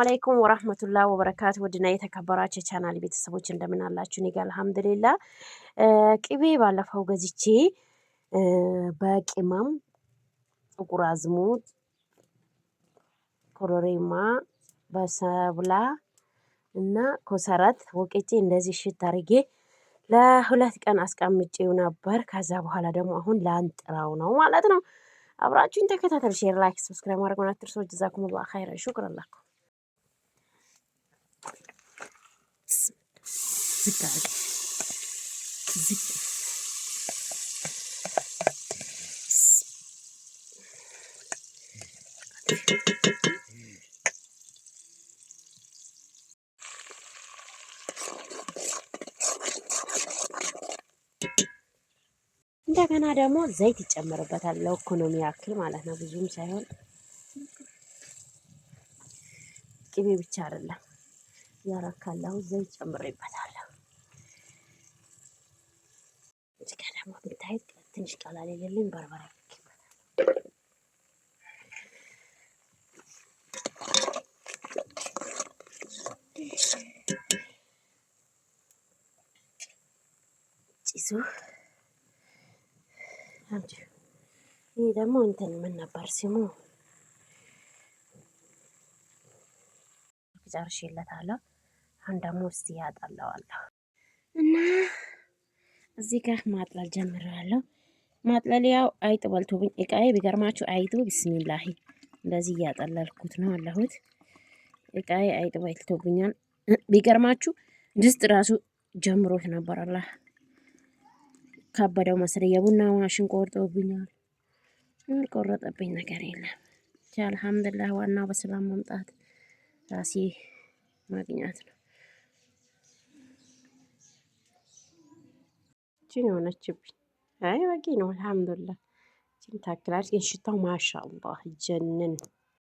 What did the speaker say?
አለይኩም ወራህመቱላህ ወበረካቱ ውድና የተከበራችሁ የቻናል ቤተሰቦች እንደምን አላችሁ? እኔ ጋር አልሐምዱሊላ። ቅቤ ባለፈው ገዝቼ በቅመም ጥቁር አዝሙድ፣ ኮረሪማ፣ በሰብላ እና ኮሰረት ወቅጬ እንደዚህ ሽት አርጌ ለሁለት ቀን አስቀምጬው ነበር። ከዛ በኋላ ደግሞ አሁን ላንጥራው ነው ማለት ነው። አብራችሁን ተከታተል። ሼር፣ ላይክ፣ ሰብስክራይብ ማድረግ ሆናት ትርሶች ጀዛኩሙላ ኸይረን ሹክረን ላኩም ዝቅ አድርገ እንደገና ደግሞ ዘይት ይጨመርበታል። ለኢኮኖሚ ያክል ማለት ነው። ብዙም ሳይሆን ቅቤ ብቻ አይደለም ያረካለሁ ዘይት ጨምሬበታል። እዚህ ጋር ደግሞ ትንሽ ቀላል የሌለኝ በርበሬ ጭሱ ይህ ደግሞ እንትን ምን ነበር ስሙ? ጨርሼለታለሁ። አሁን ደግሞ እስቲ ያጠለዋለሁ እና እዚህ ጋር ማጥለል ጀምሬያለሁ። ያው አይጥ በልቶብኝ እቃዬ ቢገርማችሁ አይጡ ቢስሚላሂ እንደዚህ እያጠለልኩት ነው አለሁት። እቃዬ አይጥ በልቶብኛል ቢገርማችሁ። ድስት ራሱ ጀምሮት ነበር አላ ከበደው መሰለኝ። የቡና ማሽን ቆርጦብኛል። ቆረጠብኝ ነገር የለም ቻ አልሐምዱላህ ዋናው በሰላም መምጣት ራሴ ማግኛት ነው። እችን የሆነችብኝ። አይ በቂ ነው። አልሐምዱላ። እችን ታክላለች ግን ሽታው ማሻ አላህ ጀንን